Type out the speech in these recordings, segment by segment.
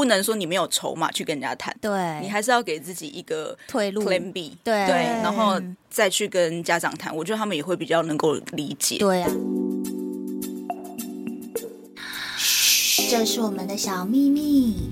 不能說你沒有籌碼去跟人家談，對，你還是要給自己一個 B, 退路、plan B，對，然後再去跟家長談，我覺得他們也會比較能夠理解。對呀、啊，噓，這是我們的小秘密。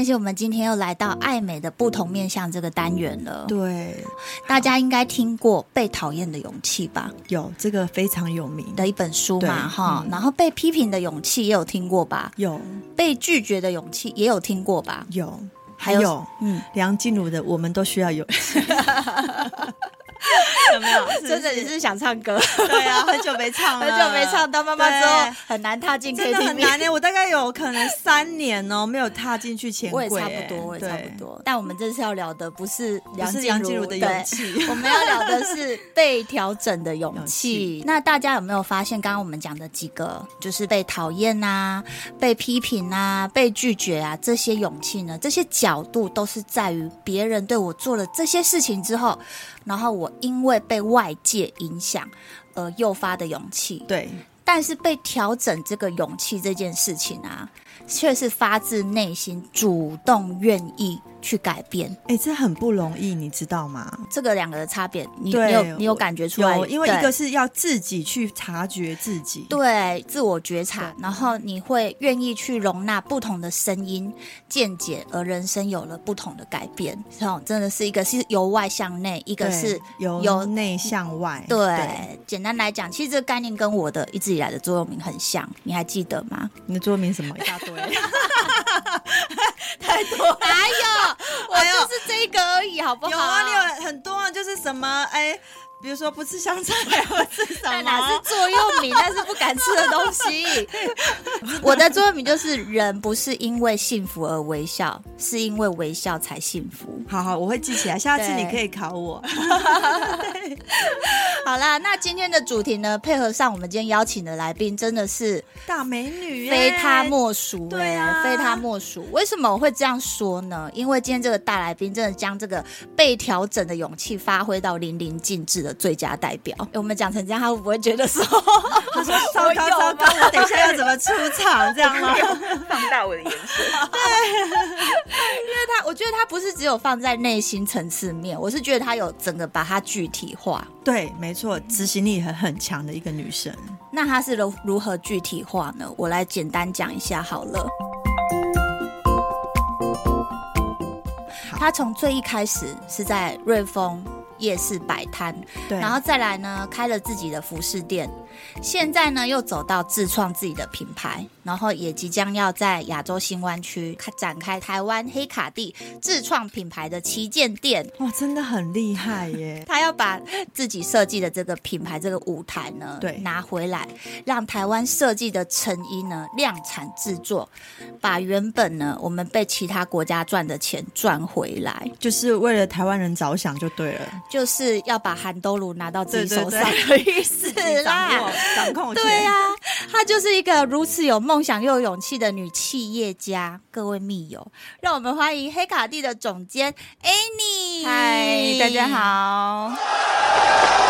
但是我們今天又來到愛美的不同面向這個單元了。對，大家應該聽過被討厭的勇氣吧？有，這個非常有名的一本書嘛，哈、嗯。然後被批評的勇氣也有聽過吧？有。被拒絕的勇氣也有聽過吧？有。還有，還有嗯，梁靜茹的，我們都需要有。 有沒有？是，是真的，你是想唱歌， 對啊，很久沒唱了，很久沒唱。當媽媽之後、啊、很難踏進 KTV，真的很難呢，我大概有可能三年哦，沒有踏進去錢櫃，我也差不多，我也差不多。但我們這次要聊的不是梁靜茹，不是楊靜茹的勇氣， 我們要聊的是被調整的勇氣。那大家有沒有發現，剛剛我們講的幾個，就是被討厭啊、被批評啊、被拒絕啊，這些勇氣呢？這些角度都是在於別人對我做了這些事情之後。然後我因為被外界影響，而誘發的勇氣，對，但是被調整這個勇氣這件事情啊，卻是發自內心主動願意。去改變，哎、欸，這很不容易，你知道嗎？這個兩個的差別，你，你有你有感覺出來？因為一個是要自己去察覺自己，對，自我覺察，然後你會願意去容納不同的聲音、見解，而人生有了不同的改變。是哦，真的是一個，是由外向內，一個是由由內向外對。對，簡單來講，其實這個概念跟我的一直以來的座右銘很像，你還記得嗎？你的座右銘什麼？一大堆。 太多了， 還有我就是這個而已、哎，好不好？有啊，你有很多啊，就是什麼哎。比如說不吃香菜，我吃什麼？ 哪是座右銘？ 但是不敢吃的東西。 我的座右銘就是：人不是因為幸福而微笑，是因為微笑才幸福。好好，我會記起來，下次你可以考我。 好啦，那今天的主題呢？配合上我們今天邀請的來賓，真的是大美女、欸，非她莫屬、欸。對啊，非她莫屬。為什麼我會這樣說呢？因為今天這個大來賓真的將這個被調整的勇氣發揮到淋漓盡致了。最佳代表，欸、我們講成這樣，他會不會覺得說， 他說糟糕糟糕，我等一下要怎麼出場 這樣嗎？放大我的眼神 對， 因為他我覺得他不是只有放在內心層次面，我是覺得他有整個把它具體化。對，沒錯，執行力很很強的一個女生。那她是如如何具體化呢？我來簡單講一下好了。好，他從最一開始是在瑞豐夜市擺攤，然後再來呢，開了自己的服飾店，現在呢又走到自創自己的品牌，然後也即將要在亞洲新灣區開展開台灣黑卡蒂自創品牌的旗艦店。哇、哦，真的很厲害耶！ 他要把自己設計的這個品牌這個舞台呢，對，拿回來，讓台灣設計的成衣呢量產製作，把原本呢我們被其他國家賺的錢賺回來，就是為了台灣人着想就對了。就是要把韓都魯拿到自己手上，對對對，可以自、 自掌、掌控掌控。對呀、啊，她就是一個如此有夢想又有勇氣的女企業家。各位密友，讓我們歡迎黑卡蒂的總監 Ani。嗨，大家好。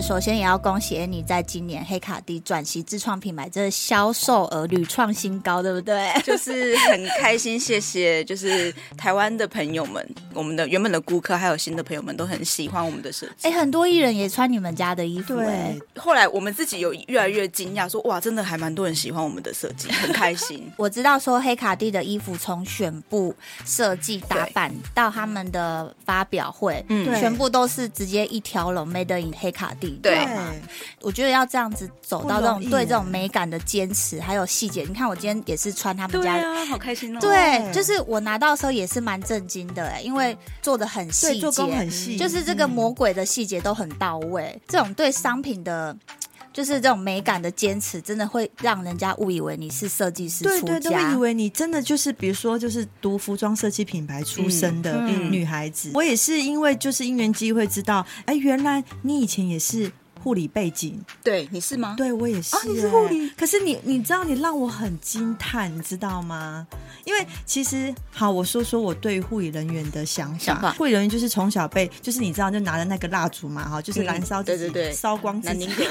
首先，也要恭喜你在今年黑卡蒂轉型自創品牌，這銷售額屢創新高，對不對？就是很開心，謝謝，就是台灣的朋友們，我們的原本的顧客還有新的朋友們都很喜歡我們的設計。哎，很多藝人也穿你們家的衣服。對，後來我們自己有越來越驚訝說，說哇，真的還蠻多人喜歡我們的設計，很開心。 我知道說黑卡蒂的衣服從選布、設計、打版到他們的發表會，嗯，全部都是直接一條龍 made in 黑卡蒂。對，對，我覺得要這樣子走到這種對這種美感的堅持，還有細節。你看，我今天也是穿他們家，啊、好開心哦，對。對，就是我拿到的時候也是蠻震驚的哎，因為做的很細節，做工很細，就是這個魔鬼的細節都很到位。嗯、這種對商品的。就是這種美感的堅持，真的會讓人家誤以為你是設計師，對對對，誤以為你真的就是，比如說就是讀服裝設計品牌出身的女孩子。嗯嗯、我也是因為就是因緣際會知道，哎、欸，原來你以前也是，護理背景，對，你是嗎？對，我也是。啊、哦，你是護理，可是你你知道，你讓我很驚嘆，你知道嗎？因為其實，好，我說說我對護理人員的想法。護理人員就是從小被，就是你知道，就拿着那個蠟燭嘛，哈，就是燃燒自己，燒光自己，燒、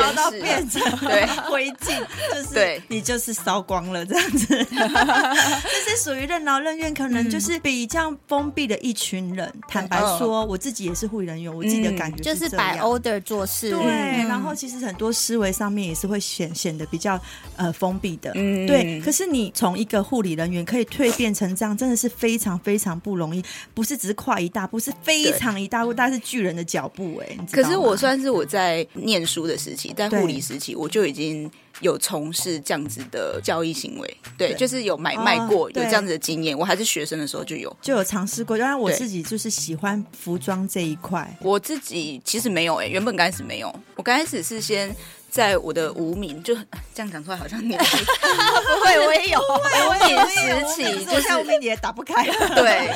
嗯、 到變成灰燼，就是你就是燒光了這樣子。這 是屬於任勞任怨，可能就是比較封閉的一群人。嗯、坦白說、哦，我自己也是護理人員，我自己的感覺、嗯、就是白歐的。做事對、嗯，然後其實很多思維上面也是會顯顯得比較呃封閉的，嗯，對。可是你從一個護理人員可以蛻變成這樣，真的是非常非常不容易，不是只是跨一大步，不是非常一大步，但是巨人的腳步哎，欸。可是我算是我在念書的時期，但護理時期，我就已經。有從事這樣子的交易行為，對，對，就是有買賣過、哦、有這樣子的經驗。我還是學生的時候就有，就有嘗試過。當然，我自己就是喜歡服裝這一塊。我自己其實沒有誒、欸，原本剛開始沒有，我剛開始是先。在我的無名，就這樣講出來好像你 不會，我也有無名時期，就像、是、我名也打不開了 對。對，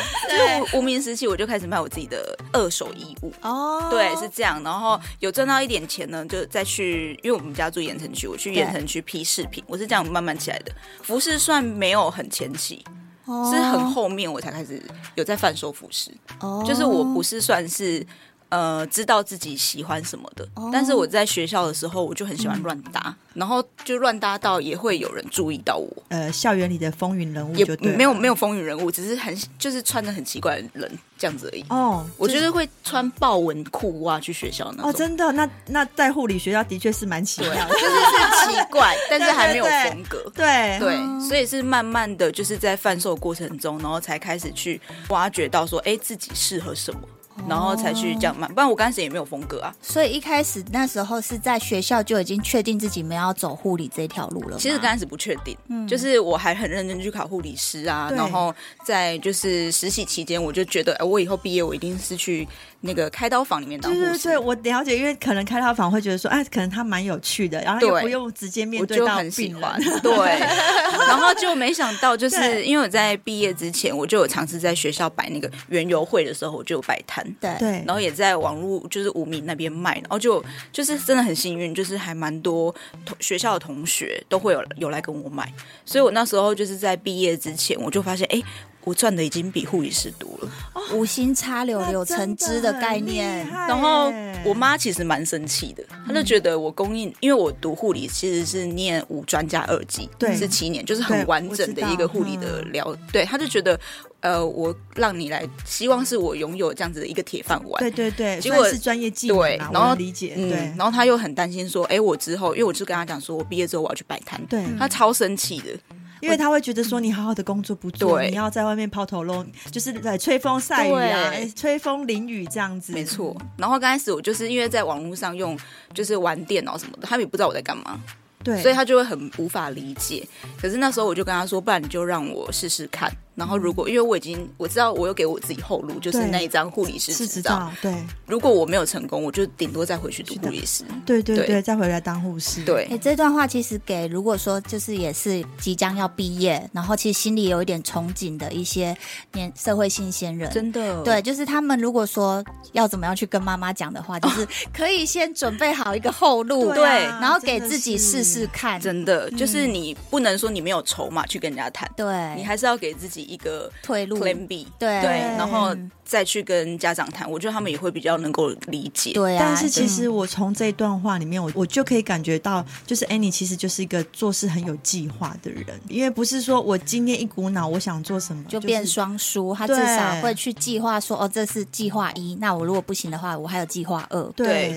是無，無名時期，我就開始賣我自己的二手衣物。哦、oh.，對，是這樣。然後有賺到一點錢呢，就再去，因為我們家住鹽埕區，我去鹽埕區批飾品。我是這樣慢慢起來的，服飾算沒有很前期，oh. 是很後面我才開始有在販售服飾。哦、oh.，就是我不是算是。呃，知道自己喜歡什麼的，哦、但是我在學校的時候，我就很喜歡亂搭、嗯，然後就亂搭到也會有人注意到我。呃，校園裡的風雲人物就對，也沒有沒有風雲人物，只是很就是穿的很奇怪的人這樣子而已。哦，我覺得會穿豹紋褲襪、啊嗯、去學校呢。哦，真的，那那在護理學校的確是蠻奇怪的對、啊，就是很奇怪， 但是還沒有風格。對對，對，對，對、嗯，所以是慢慢的就是在販售過程中，然後才開始去挖掘到說，哎，自己適合什麼。然後才去講嘛，oh. 不然我剛開始也沒有風格啊。所以一開始那時候是在學校就已經確定自己沒有要走護理這條路了。其實剛開始不確定，嗯，就是我還很認真去考護理師啊。然後在就是實習期間，我就覺得，哎、呃，我以後畢業我一定是去那個開刀房裡面當護士。對，對，對，我了解，因為可能開刀房會覺得說，哎、啊，可能他蠻有趣的，然後也不用直接面對到病人，對我就很喜歡對, 對，然後就沒想到，就是因為我在畢業之前，我就有嘗試在學校擺那個園遊會的時候，我就擺攤。對，對，然後也在網絡，就是無名那邊賣，然後就就是真的很幸運，就是還蠻多同學校的同學都會有有來跟我買，所以我那時候就是在畢業之前，我就發現，哎。我賺的已經比護理師多了。哦，無心插柳柳成蔭的概念。然後我媽其實蠻生氣的。嗯，她就覺得我供應，因為我讀護理其實是念五專加二級，對。嗯，是七年，就是很完整的一個護理的了解。嗯。對，她就覺得，呃，我讓你來，希望是我擁有這樣子的一個鐵飯碗。對對對，算是專業技能。啊。對，然後理解。嗯，對，然後她又很擔心說，哎、欸，我之後，因為我就跟她講說我畢業之後我要去擺攤，對、嗯、她超生氣的。因為他會覺得說，你好好的工作不做，你要在外面拋頭露面，就是在吹風曬雨啊，啊，吹風淋雨這樣子，沒錯。然後剛開始我就是因為在網絡上用，就是玩電腦什麼的，他們也不知道我在幹嘛，對，所以他就會很無法理解。可是那時候我就跟他說，不然你就讓我試試看。然後，如果因為我已經我知道，我有給我自己後路，就是那一張護理師執照。對，如果我沒有成功，我就頂多再回去讀護理師。對對對，對，對，再回來當護士。對，哎、欸，這段話其實給如果說就是也是即將要畢業，然後其實心裡有一點憧憬的一些年社會新鮮人，真的對，就是他們如果說要怎麼樣去跟媽媽講的話，就是可以先準備好一個後路， 對，啊、對，然後給自己試試看真、嗯。真的，就是你不能說你沒有籌碼去跟人家談，對，你還是要給自己。一個退路，Plan B, 對對，然後再去跟家長談，我覺得他們也會比較能夠理解。對、啊，但是其實我從這段話裡面，我我就可以感覺到，就是 Ani 其實就是一個做事很有計劃的人，因為不是說我今天一股腦我想做什麼就變雙輸、就是，他至少會去計劃說，哦，這是計劃一，那我如果不行的話，我還有計劃二，對，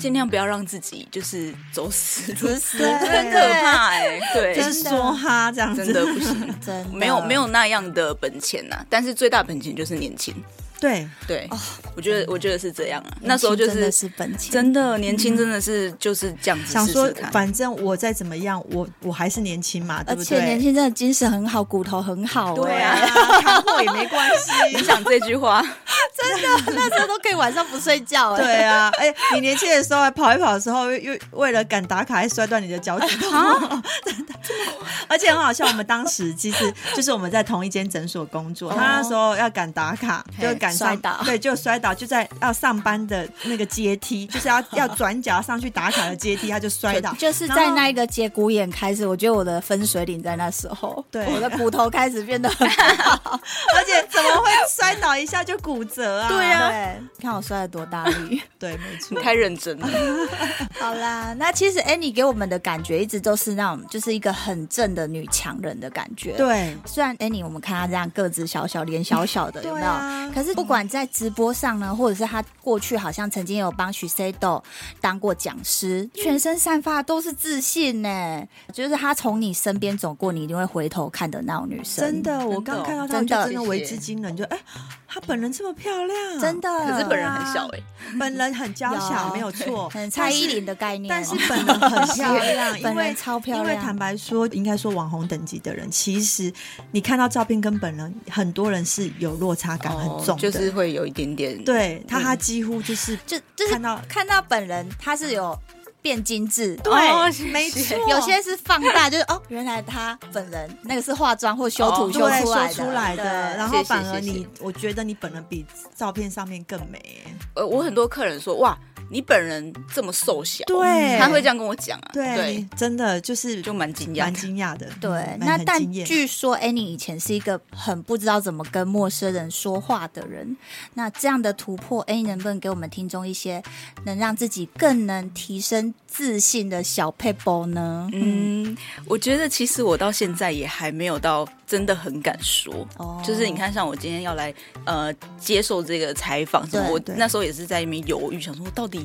盡、嗯、量不要讓自己就是走死，走死很可怕，哎，對，欸、對就說哈，這樣子真的不行，真的 沒有沒有那樣。的本錢啊，但是最大本錢就是年輕。對對、哦，我覺得、嗯、我覺得是這樣啊。那時候就是真的是本錢，真的年輕真的是就是講、嗯，想說反正我再怎麼樣，我我還是年輕嘛，對不對？而且年輕真的精神很好，骨頭很好、欸，對呀、啊，扛 過也沒關係。你想這句話， 真的 那， 那時候都可以晚上不睡覺、欸。對啊，哎、欸，你年輕的時候還跑一跑的時候，又，又為了趕打卡還摔斷你的腳趾頭，真、哎、的，真、啊、的。 而且很好笑，好 像我們當時 其實就是我們在同一間診所工作，哦、他那時候要趕打卡、Okay. 就趕。摔倒，對，就摔倒，就在要上班的那個階梯，就是要 要轉角上去打卡的階梯，他就摔倒。就是在那一個節骨眼開始，我覺得我的分水嶺在那時候，對，我的骨頭開始變得很好， 而且怎麼會摔倒一下就骨折啊？對啊，對，看我摔了多大力， 對，沒錯，你太認真了。 好啦，那其實 Annie 給我們的感覺一直都是那種，就是一個很正的女強人的感覺。對，雖然 Annie 我們看她這樣個子小小，臉小小的， 對啊，有沒有？可是。不管在直播上呢，或者是他過去好像曾經有幫許西斗當過講師，全身散發的都是自信呢，就是他從你身邊走過，你一定會回頭看的那種女生。真的，我剛看到他真的，真的為之驚人。就哎。欸她本人這麼漂亮，真的，可是本人很小哎、欸啊，本人很嬌小，有沒有錯，蔡依林的概念。但是本人很漂亮， 因為超漂亮。因為坦白說，應該說網紅等級的人，其實你看到照片跟本人，很多人是有落差感很重的、哦，就是會有一點點。對他，他幾乎就是就就是看到、嗯、看到本人，他是有。變精致，對，oh, 沒錯，有些是放大，就是 哦，原來她本人那個是化妝或修圖修，oh, 修出來的，出來的。然後反而你是是是是，我覺得你本人比照片上面更美。呃、嗯，我很多客人說，哇。你本人這麼瘦小，對，他會這樣跟我講啊對，對，真的就是就蠻驚訝，蠻驚訝的。對，嗯、那但據說 Annie 以前是一個很不知道怎麼跟陌生人說話的人，那這樣的突破，Annie，能不能給我們聽眾一些能讓自己更能提升自信的小撇步呢？嗯，我覺得其實我到現在也還沒有到真的很敢說，哦，就是你看，像我今天要來呃接受這個採訪，我那時候也是在一面猶豫，想說到底。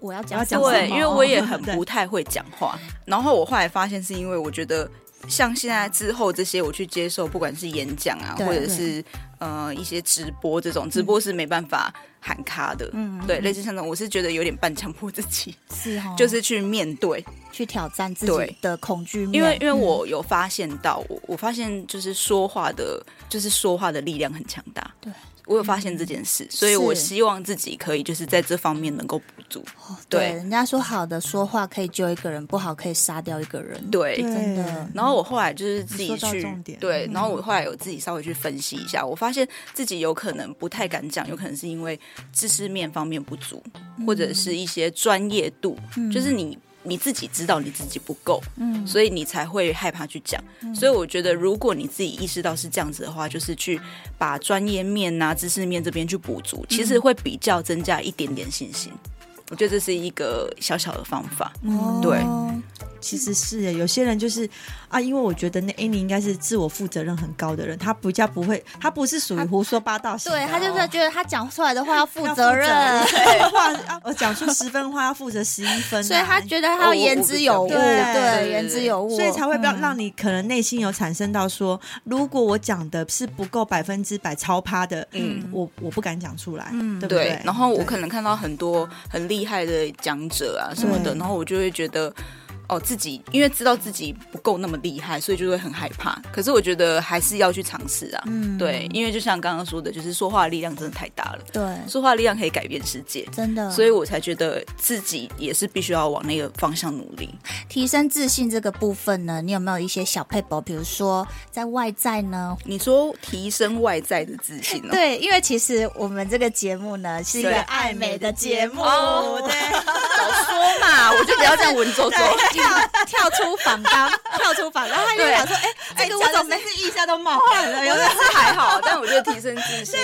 我要講，我要講。對，因為我也很不太會講話。哦、然後我後來發現，是因為我覺得像現在之後這些，我去接受，不管是演講啊，或者是呃一些直播這種，直播是沒辦法喊卡的。嗯，對，嗯、類似像這種，我是覺得有點半強迫自己，是、哦、就是去面對、去挑戰自己的恐懼。因為因為我有發現到，嗯、我我發現就是說話的，就是說話的力量很強大。對。我有發現這件事，所以我希望自己可以就是在這方面能夠補足。對，人家說好的說話可以救一個人，不好可以殺掉一個人。對，真的。然後我後來就是自己去，對。然後我後來有自己稍微去分析一下，我發現自己有可能不太敢講，有可能是因為知識面方面不足，或者是一些專業度，嗯，就是你。你自己知道你自己不夠，嗯，所以你才會害怕去講。嗯，所以我覺得，如果你自己意識到是這樣子的話，就是去把專業面啊、知識面這邊去補足，其實會比較增加一點點信心。我覺得這是一個小小的方法，哦，對。其實是，有些人就是啊，因為我覺得那 Ani 應該是自我負責任很高的人，他比較不會，他不是屬於胡說八道的，對，他就是覺得他講出來的話要負責任，話我、 啊、講出十分的話要負責十一分，所以他覺得他要言之有物，對，對，對，對，對，對，言之有物，所以才會不要讓你可能內心有產生到說，如果我講的是不夠百分之百超趴的，嗯，嗯，我我不敢講出來，嗯對不對，對，然後我可能看到很多很厲害的講者啊什麼的，然後我就會覺得。哦，自己因為知道自己不夠那麼厲害，所以就會很害怕。可是我覺得還是要去嘗試啊。嗯，對，因為就像剛剛說的，就是說話的力量真的太大了。對，說話的力量可以改變世界，真的。所以我才覺得自己也是必須要往那個方向努力。提升自信這個部分呢，你有沒有一些小撇步？比如說在外在呢？你說提升外在的自信？哦，對，因為其實我們這個節目呢是一個愛美的節目，對，哦、對 好說嘛，我就不要這樣文縐縐。跳跳出訪綱，跳出訪綱， 房 然後他就想說，哎哎，欸這個、我怎麼每次腋下都冒汗了？ 有點還好， 但我覺得提升自信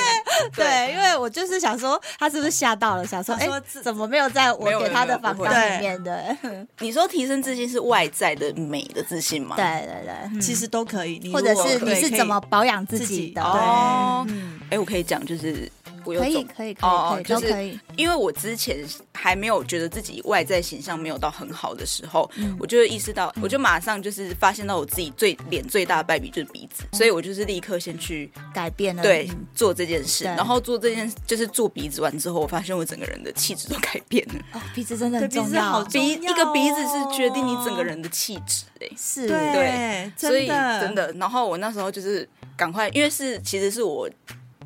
對對，對，因為我就是想說， 他是不是嚇到了？想說，哎、欸，怎麼沒有在我給他的訪綱裡面的？對、嗯，你說提升自信是外在的美的自信嗎？對對對，嗯、其實都可以，你或者是你是怎麼保養自己的？哦，哎、嗯欸，我可以講，就是可以可以可以、哦可以，可以就是，都可以，因為我之前。還沒有覺得自己外在形象沒有到很好的時候，嗯、我就意識到，嗯，我就馬上就是發現到我自己最臉、嗯、最大的敗筆就是鼻子，所以我就是立刻先去改變了，對，做這件事，然後做這件就是做鼻子完之後，我發現我整個人的氣質都改變了。哦、鼻子真的很重要，其實好重要，鼻一個鼻子是決定你整個人的氣質，哎、哦，是對，對，所以真的，然後我那時候就是趕快，因為是其實是我。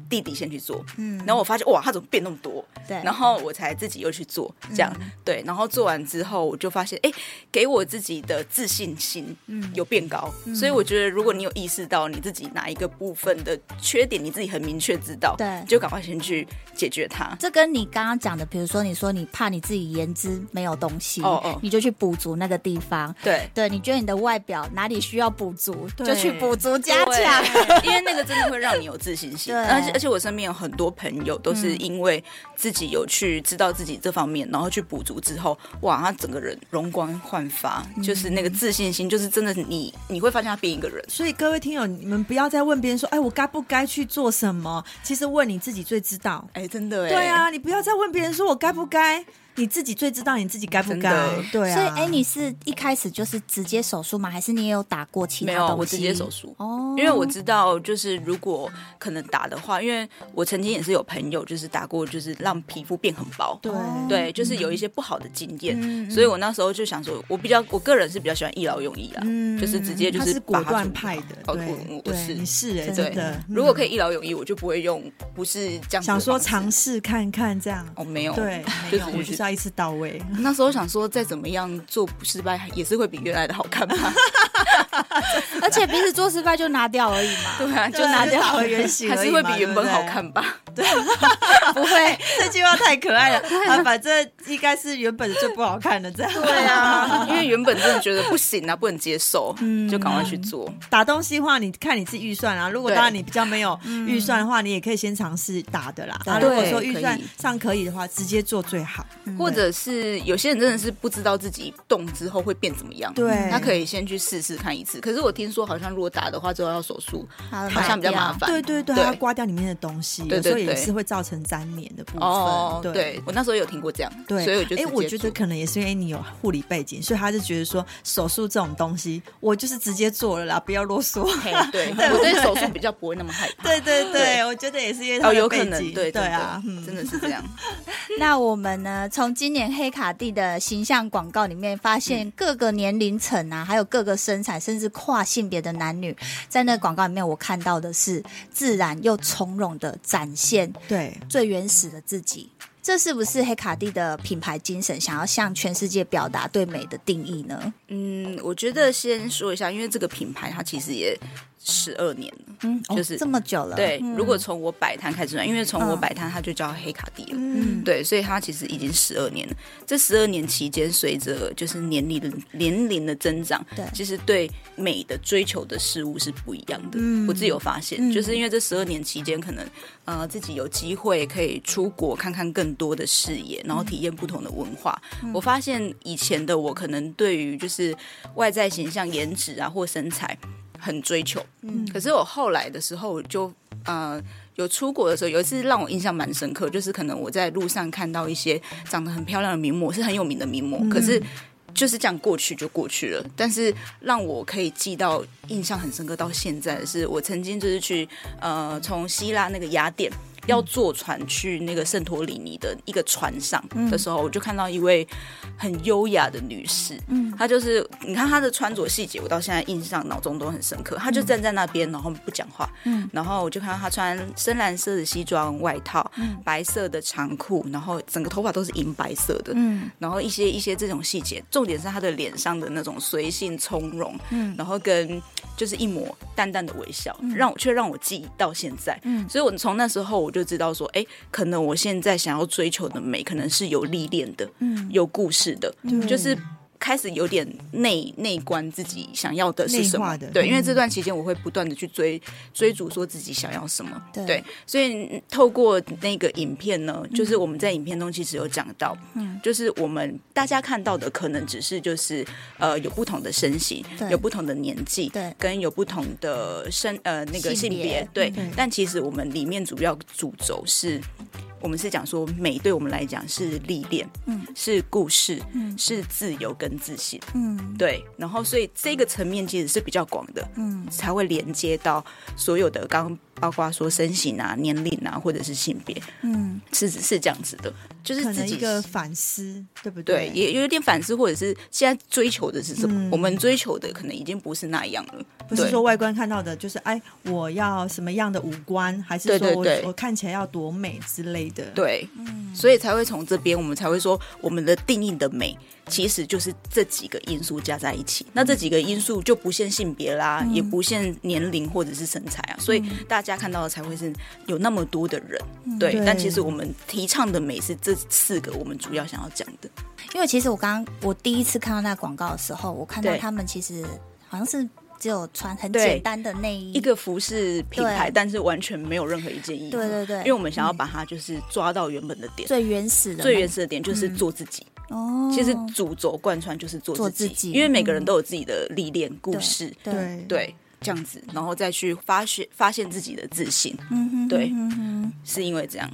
弟弟先去做，嗯，然後我發現哇，他怎麼變那麼多？對，然後我才自己又去做，這樣，嗯、對，然後做完之後，我就發現，哎，給我自己的自信心，嗯，有變高、嗯，所以我覺得，如果你有意識到你自己哪一個部分的缺點，你自己很明確知道，對，就趕快先去解決它。這跟你剛剛講的，比如說你說你怕你自己顏值沒有東西，哦哦，你就去補足那個地方，對對，你覺得你的外表哪裡需要補足，對，就去補足加強，因為那個真的會讓你有自信心，對。而且而且我身邊有很多朋友都是因為自己有去知道自己這方面，嗯，然後去補足之後，哇，他整個人容光煥發，嗯，就是那個自信心，就是真的你，你你會發現他變一個人。所以各位聽友，你們不要再問別人說：“哎、欸，我該不該去做什麼？”其實問你自己最知道。哎、欸，真的、欸，對啊，你不要再問別人說我該不該。你自己最知道你自己該不該，對，所以哎、欸，你是一開始就是直接手術嗎？還是你也有打過其他東西沒有？啊，我直接手術哦。因為我知道，就是如果可能打的話，因為我曾經也是有朋友就是打過，就是讓皮膚變很薄。對對，就是有一些不好的經驗，嗯，所以我那時候就想說，我比較我個人是比較喜歡一勞永逸啊，就是直接就是果斷派的。對，我，我是是、欸、真的、嗯。如果可以一勞永逸，我就不會用，不是這樣想說嘗試看看這樣。哦、oh，沒有，對，就是我是一次到位。那時候想說，再怎麼樣做不失敗，也是會比原來的好看吧。 而且鼻子做失敗就拿掉而已嘛，對啊，對啊就拿掉而已、而已，還是會比原本好看吧？對， 不會 這句話太可愛了 啊！反正應該是原本的最不好看的這樣，對啊，因為原本真的覺得不行啊，不能接受，嗯、就趕快去做打東西的話，你看你自己預算啊。如果當然你比較沒有預算的話，嗯，你也可以先嘗試打的啦。啊，然後如果說預算上可以的話，直接做最好。或者是有些人真的是不知道自己動之後會變怎麼樣，對，他可以先去試試。只看一次，可是我聽說好像如果打的話，之後要手術好，好像比較麻煩。對對對，它、嗯、刮掉裡面的東西，有時候也是會造成粘連的部分。對，對，對，對，對，對我那時候有聽過這樣，對，所以我覺得，哎、欸，我覺得可能也是因為你有護理背景，所以他就覺得說手術這種東西，我就是直接做了啦，不要囉嗦。對， 對，我對手術比較不會那麼害怕。對對對，對，我覺得也是因為他哦，有可能對對，對，對，對啊、嗯，真的是這樣。 那我們呢，從今年黑卡蒂的形象廣告裡面發現，各個年齡層啊，還有各個身。身材甚至跨性別的男女，在那個廣告裡面，我看到的是自然又從容的展現，對最原始的自己。這是不是黑卡蒂的品牌精神，想要向全世界表達對美的定義呢？嗯，我覺得先說一下，因為這個品牌它其實也十二年了，嗯，就是、哦、這麼久了。對，嗯、如果從我擺攤開始算、嗯，因為從我擺攤他就叫黑卡蒂了，嗯，對，所以他其實已經十二年了。這十二年期間，隨着就是年齡的年齡的增長，對，其實、就是、對美的追求的事物是不一樣的。嗯、我自己有發現，嗯、就是因為這十二年期間，可能呃自己有機會可以出國看看更多的視野，然後體驗不同的文化、嗯、然後體驗不同的文化，嗯。我發現以前的我，可能對於就是外在形象、顏值啊或身材。很追求，嗯，可是我後來的時候就，就呃有出國的時候，有一次讓我印象蠻深刻，就是可能我在路上看到一些長得很漂亮的名模，是很有名的名模，嗯，可是就是這樣過去就過去了。但是讓我可以記到印象很深刻到現在的是，我曾經就是去呃從希臘那個雅典，要坐船去那個聖托里尼的一個船上的時候，我就看到一位很優雅的女士。嗯，她就是，你看她的穿着細節，我到現在印象腦中都很深刻。她就站在那邊，然後不講話。嗯，然後我就看到她穿深藍色的西裝外套，嗯，白色的長褲，然後整個頭髮都是銀白色的。嗯，然後一些一些這種細節，重點是她的臉上的那種隨性從容。嗯，然後跟。就是一抹淡淡的微笑，讓我卻讓我記憶到現在。所以我從那時候我就知道說，誒，可能我現在想要追求的美，可能是有歷練的，嗯，有故事的，就是。開始有點內內觀自己想要的是什麼？對，因為這段期間我會不斷的去追追逐，說自己想要什麼，對。對，所以透過那個影片呢，嗯、就是我們在影片中其實有講到，嗯，就是我們大家看到的可能只是就是呃有不同的身形，有不同的年紀，對，跟有不同的身呃那個性別、嗯，對，但其實我們裡面主要主軸是。我們是講說美對我們來講是歷練，嗯，是故事，嗯，是自由跟自信，嗯，對。然後所以這個層面其實是比較廣的，嗯，才會連接到所有的，剛剛包括說身形啊、年齡啊，或者是性別，嗯，是是這樣子的，就是自己可能一個反思，對不對？對，也有點反思，或者是現在追求的是什麼？嗯，我們追求的可能已經不是那樣了，嗯，不是說外觀看到的，就是哎，我要什麼樣的五官，還是說我，對對對，我看起來要多美之類的。對、嗯，所以才會從這邊，我們才會說，我們的定義的美其實就是這幾個因素加在一起。嗯、那這幾個因素就不限性別啦，嗯、也不限年齡或者是身材啊、嗯，所以大家看到的才會是有那麼多的人。嗯、對，但其實我們提倡的美是這四個，我們主要想要講的。因為其實我剛剛我第一次看到那廣告的時候，我看到他們其實好像是。只有穿很簡單的內衣，一個服飾品牌，但是完全沒有任何一件衣服。對對對，因為我們想要把它就是抓到原本的點，嗯、最原始的、那個、最原始的點就是做自己。哦、嗯，其實主軸貫穿就是做自、做自己，因為每個人都有自己的歷練、嗯、故事，對對、對，這樣子，然後再去發現發現自己的自信。嗯哼，對，嗯哼，是因為這樣。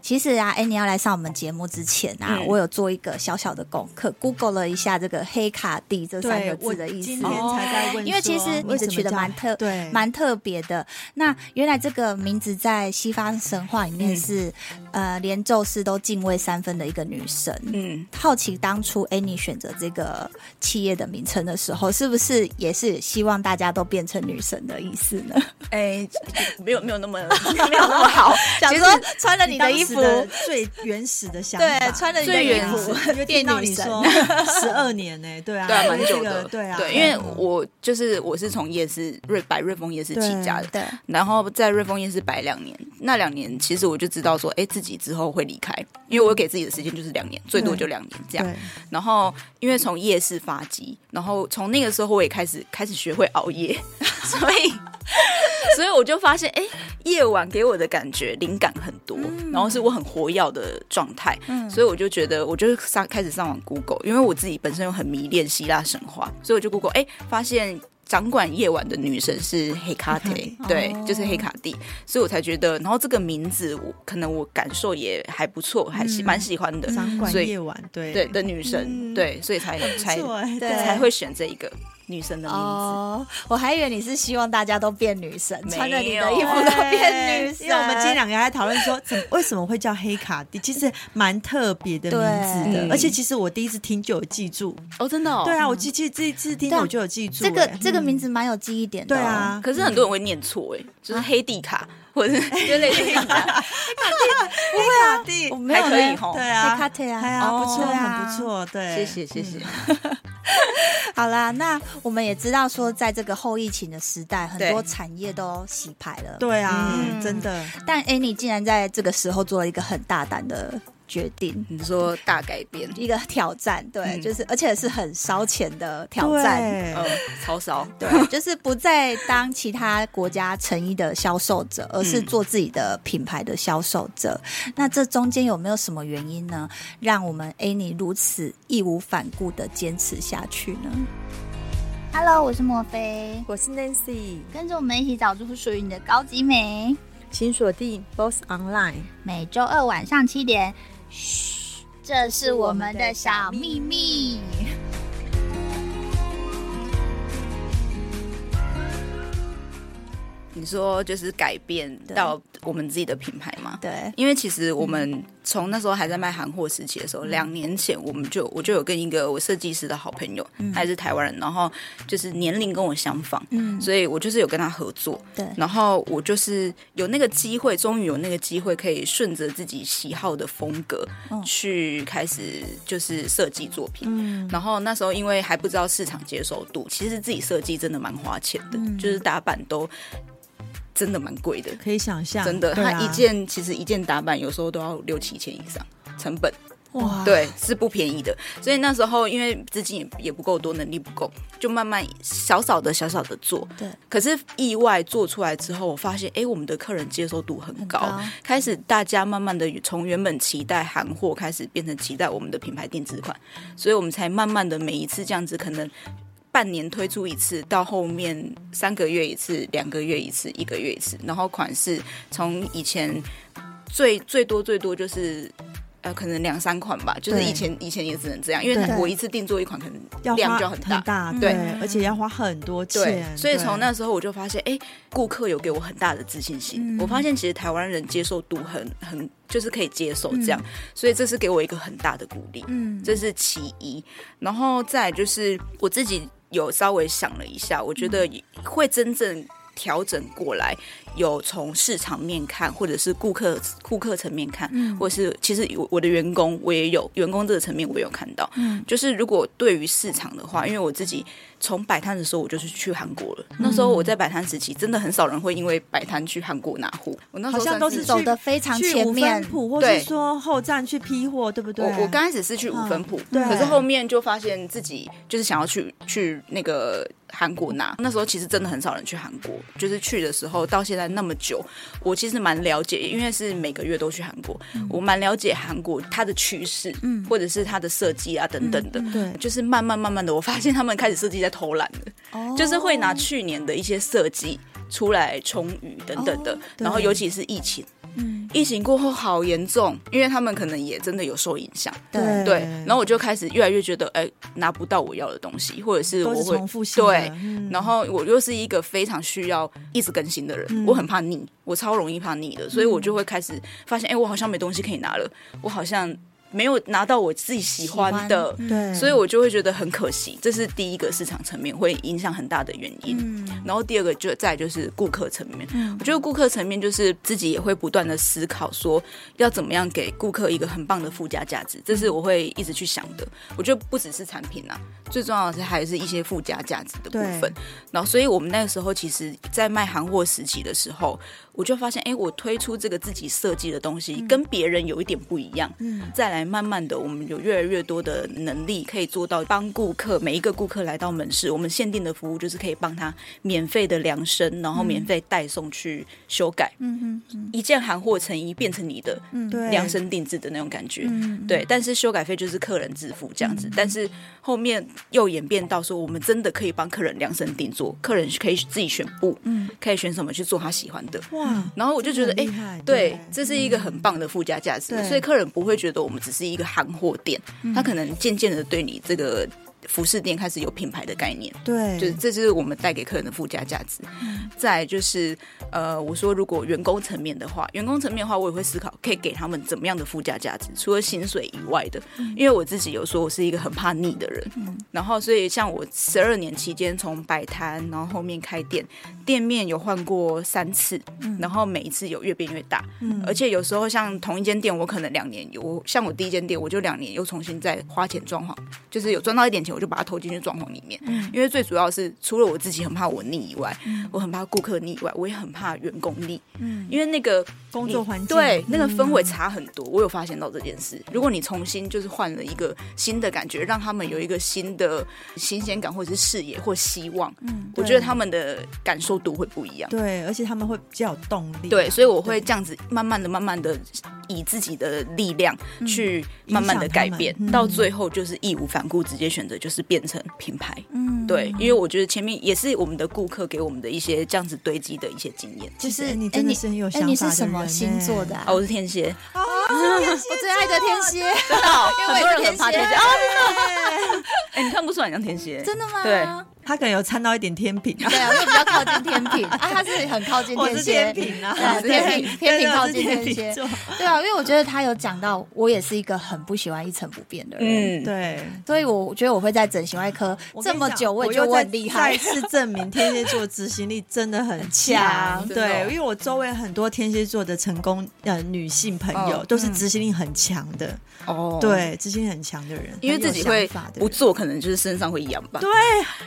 其實啊，Ani 要來上我們節目之前啊，嗯、我有做一個小小的功課，Google 了一下這個“黑卡蒂”這三個字的意思，哦、因為其實名字取的蠻特對蠻特別的。那原來這個名字在西方神話裡面是、嗯、呃，連宙斯都敬畏三分的一個女神。嗯，好奇當初 Ani 選擇這個企業的名稱的時候，是不是也是希望大家都變成女神的意思呢？哎、欸，沒有沒有那麼 沒有那麼好，假 如說穿了你的衣服。最原始的想法，對，穿了一個原最原始。電腦裡說十二 年呢，欸，對啊，對啊，這個，蠻久的對，對啊。因為我，嗯，就是我是從夜市瑞擺瑞豐夜市起家的，對。對然後在瑞豐夜市擺兩年，那兩年其實我就知道說，哎，自己之後會離開，因為我給自己的時間就是兩年，最多就兩年這樣。對對然後因為從夜市發跡，然後從那個時候我也開始開始學會熬夜， 所以所以我就發現，哎，夜晚給我的感覺靈感很。多、嗯，然後是我很活躍的狀態、嗯，所以我就覺得，我就上開始上網 Google，因為我自己本身又很迷戀希臘神話，所以我就 Google，哎、欸，發現掌管夜晚的女神是黑卡蒂、嗯，對、哦，就是黑卡蒂，所以我才覺得，然後這個名字我可能我感受也還不錯，還是、嗯、蠻喜歡的。掌管夜晚，對對的女神、嗯，對，所以才才對對才會選這一個。女生的名字，oh, 我還以為你是希望大家都變女神，穿着你的衣服都變女神。那我們今天兩個人在討論說，怎 為什麼會叫黑卡蒂？其實蠻特別的名字的對，而且其實我第一次聽就有記住哦，真的、哦。對啊，我記記這一次聽我就有記住、欸嗯。這個這個名字蠻有記憶點的、哦嗯，對啊。可是很多人會念錯哎、欸，就是黑地卡。嗯 欸、類就類似、欸啊欸，卡蒂不會啊，欸、地我沒、欸、還可以吼，對啊，欸、卡蒂啊，啊不錯啊，哦、啊啊很不錯，對，謝謝謝謝。嗯、 好啦，那我們也知道說，在這個後疫情的時代，很多產業都洗牌了，對啊、嗯，真的。但 Annie 竟然在這個時候做了一個很大膽的。決定，你說大改變，一個挑戰，對，嗯、就是而且是很燒錢的挑戰，嗯，超燒，對，就是不再當其他國家成衣的銷售者，而是做自己的品牌的銷售者。嗯、那這中間有沒有什麼原因呢？讓我們 Ani 如此義無反顧地堅持下去呢？Hello，我是莫菲，我是 Nancy，跟着我們一起找出屬於你的高級美，請鎖定 Boss Online，每周二晚上七點。噓，這是我們的小秘密。就是、說就是改變到我們自己的品牌嘛？對，因為其實我們從那時候還在賣韓貨時期的時候，兩年前我們就我就有跟一個我設計師的好朋友，嗯、他也是台灣人，然後就是年齡跟我相仿，嗯，所以我就是有跟他合作，對，然後我就是有那個機會，終於有那個機會可以順着自己喜好的風格去開始就是設計作品，嗯，然後那時候因為還不知道市場接受度，其實自己設計真的蠻花錢的，嗯、就是打版都。真的蠻貴的，可以想象。真的，啊、它一件其實一件打版有時候都要六七千以上，成本哇，對，是不便宜的。所以那時候因為資金也也不夠多，能力不夠，就慢慢小小的小小的做。對。可是意外做出來之後，我發現哎，我們的客人接受度很高，很高。開始大家慢慢的從原本期待韓貨開始變成期待我們的品牌定製款，所以我們才慢慢的每一次這樣子可能。半年推出一次，到後面三個月一次，兩個月一次，一個月一次。然後款式從以前最最多最多就是呃，可能兩三款吧。就是以前以前也只能這樣，因為我一次定做一款，可能量就很大，很大對，對，而且要花很多錢。所以從那時候我就發現，哎、欸，顧客有給我很大的自信心。嗯、我發現其實台灣人接受度很很就是可以接受這樣，嗯，所以這是給我一個很大的鼓勵。嗯，這是其一。然後再就是我自己。有稍微想了一下，我覺得會真正調整過來。有從市場面看，或者是顧客顧客層面看，或者是其實我我的員工我也有員工這個層面我有看到。就是如果對於市場的話，因為我自己。從擺攤的時候，我就是去韓國了、嗯。那時候我在擺攤時期，真的很少人會因為擺攤去韓國拿貨。我那時候好像都是走的非常前面鋪，或是說後站去批貨，對不對？我我剛開始是去五分埔、哦，可是後面就發現自己就是想要去去那個韓國拿。那時候其實真的很少人去韓國，就是去的時候到現在那麼久，我其實蠻了解，因為是每個月都去韓國，嗯、我蠻了解韓國它的趨勢，嗯，或者是它的設計啊等等的、嗯。對，就是慢慢慢慢的，我發現他們開始設計在。偷懶的，就是會拿去年的一些設計出來沖雨等等的，然後尤其是疫情，嗯，疫情過後好嚴重，因為他們可能也真的有受影響，對對。然後我就開始越來越覺得，哎，拿不到我要的東西，或者是我會對。然後我又是一個非常需要一直更新的人，我很怕膩，我超容易怕膩的，所以我就會開始發現，哎，我好像沒東西可以拿了，我好像。沒有拿到我自己喜歡的喜歡，對，所以我就會覺得很可惜。這是第一個市場層面會影響很大的原因。嗯，然後第二個就在就是顧客層面，嗯，我覺得顧客層面就是自己也會不斷的思考，說要怎麼樣給顧客一個很棒的附加價值。這是我會一直去想的。我覺得不只是產品啊，最重要的是還是一些附加價值的部分。然後，所以我們那個時候其實在賣韓貨時期的時候，我就發現，哎，我推出這個自己設計的東西跟別人有一點不一樣。嗯，再來。慢慢的，我們有越來越多的能力，可以做到幫顧客每一個顧客來到門市，我們限定的服務就是可以幫他免費的量身，然後免費代送去修改。嗯嗯，一件韓貨成衣變成你的，嗯，量身定製的那種感覺，嗯，對。但是修改費就是客人自付這樣子。但是後面又演變到說，我們真的可以幫客人量身定做，客人可以自己選布，嗯，可以選什麼去做他喜歡的。哇，然後我就覺得，哎、欸，對，這是一個很棒的附加價值，所以客人不會覺得我們。只是一個韓貨店，他可能漸漸的對你這個服飾店開始有品牌的概念，對，就是這就是我們帶給客人的附加價值。嗯，再就是，呃，我說如果員工層面的話，員工層面的話，我也會思考可以給他們怎麼樣的附加價值，除了薪水以外的。嗯，因為我自己有說，我是一個很怕膩的人，嗯，然後所以像我十二年期間，從擺攤，然後後面開店，店面有換過三次，嗯，然後每一次有越變越大，嗯，而且有時候像同一間店，我可能兩年有，像我第一間店，我就兩年又重新再花錢裝潢，就是有賺到一點。我就把它投進去裝潢裡面，嗯，因為最主要是除了我自己很怕我膩以外，我很怕顧客膩以外，我也很怕員工膩，嗯，因為那個工作環境對那個氛圍差很多，我有發現到這件事。如果你重新就是換了一個新的感覺，讓他們有一個新的新鮮感或者是視野或希望，嗯，我覺得他們的感受度會不一樣，對，而且他們會比較有動力，對，所以我會這樣子慢慢的、慢慢的以自己的力量去慢慢的改變，到最後就是義無反顧，直接選擇。就是變成品牌，嗯，對，因為我覺得前面也是我們的顧客給我們的一些這樣子堆積的一些經驗。就是其實、欸、你真的是很有想法，你是什麼星座的？、啊欸星座的啊哦。我是天蠍、啊。我最愛的天蠍、 啊。真的，因為我是天蠍。哦，真的。哎，你看不出來，你像天蠍、嗯？真的嗎？對。他可能有摻到一點天秤， 對、啊，我就比較靠近天秤，啊，他是很靠近天蠍，天秤啊，天秤靠近天蠍，對對，天秤座，對啊，因為我覺得他有講到，我也是一個很不喜歡一成不變的人，嗯、對，所以我覺得我會在整形外科這麼久我就，我也覺得我很厲害，再次證明天蠍座執行力真的很強， 對，因為我周圍很多天蠍座的成功呃女性朋友都是執行力很強的，哦，嗯、對，執行力很強的人，因為自己會不做，可能就是身上會癢吧，對，